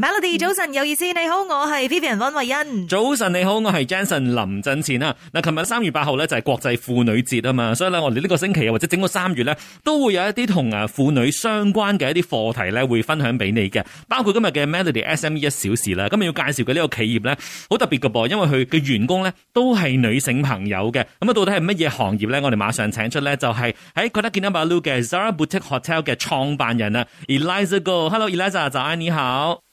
Melody 早晨有意思，你好，我係 Vivian 溫慧欣。早晨你好，我係 Jensen 林振前啊！嗱，琴日三月八號咧就係國際婦女節啊嘛，所以咧我哋呢個星期或者整個三月咧都會有一啲同誒婦女相關嘅一啲課題咧會分享俾你嘅，包括今日嘅 Melody SME 一小時啦。今日要介紹嘅呢個企業咧好特別㗎噃，因為佢嘅員工咧都係女性朋友嘅。咁啊到底係乜嘢行業咧？我哋馬上請出咧就係喺 Kota Kinabalu 嘅 Zara Boutique Hotel 嘅創辦人啊，Eliza Go，Hello Eliza，早安，你好。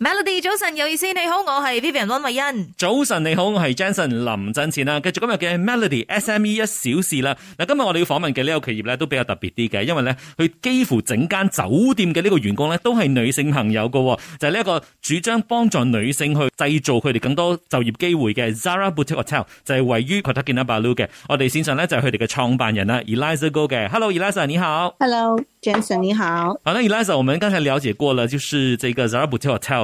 Melody 早晨有意思，你好，我係 Vivian 溫慧欣。早晨你好，我係 Jensen 林振前啊！繼續今日嘅 Melody SME 一小時啦。嗱，今日我哋要訪問嘅呢個企業咧都比較特別啲嘅，因為咧佢幾乎整間酒店嘅呢個員工咧都係女性朋友嘅，就係呢一個主張幫助女性去製造佢哋更多就業機會嘅 Zara Boutique Hotel 就係位於 Kota Kinabalu 嘅。我哋綫上咧就係佢哋嘅創辦人啦，Eliza Go 嘅 Hello Eliza 你好，Hello Jensen 你好。好啦 Eliza 我們剛才了解過了，就是這個 Zara Boutique Hotel。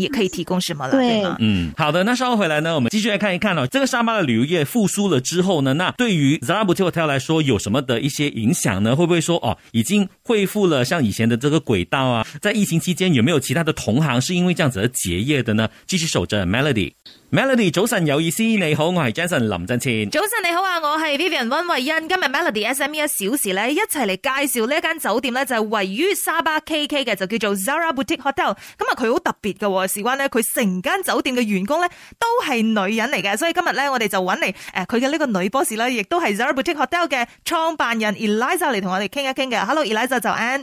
也可以提供什麼了，對，嗯，好的。那稍後回來呢，我們繼續來看一看呢。這個沙巴的旅遊業復蘇了之後呢，那對於 Zara Boutique Hotel 來說有什麼的一些影響呢？會不會說哦，已經恢復了像以前的這個軌道啊？在疫情期間有沒有其他的同行是因為這樣子而結業的呢？繼續守着 Melody，Melody，Melody, 早晨有意思，你好，我係 Jason 林振清。早晨你好啊，我係 Vivian 溫慧欣。今日 Melody SME 一小時呢，一齊嚟介紹呢一間酒店呢，就係位於沙巴 KK 嘅，就叫做 Zara Boutique Hotel。咁啊，佢好特別嘅、哦。事關咧，佢成間酒店嘅員工咧都係女人嚟嘅，所以今日咧我哋就搵嚟誒，佢嘅呢個女 boss 啦，亦都係 Zara Boutique Hotel 嘅創辦人 Eliza 嚟同我哋傾一傾嘅。Hello，Eliza，就 Ann。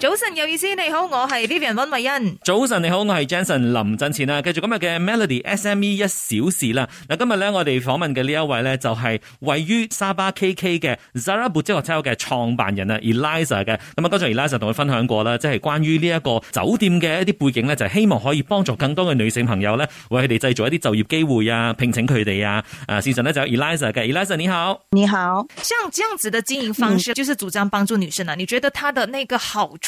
早晨有意思，你好，我係 Vivian 溫慧欣。早晨你好，我係 Jason 林振前啊。繼續今日嘅 Melody SME 一小時啦。嗱，今日咧我哋訪問嘅呢一位咧就係位於沙巴 KK 嘅 Zarabu Hotel 嘅創辦人啊，Eliza 嘅。咁啊，剛才 Eliza 同佢分享過啦，即係關於呢一個酒店嘅一啲背景咧，就係、是、希望可以幫助更多嘅女性朋友咧，為佢哋製造一啲就業機會啊，聘請佢哋啊。啊，事實咧就 Eliza 嘅 Eliza，你好，你好。像這樣子嘅經營方式、嗯，就是主張幫助女生啊？你覺得她的那個好處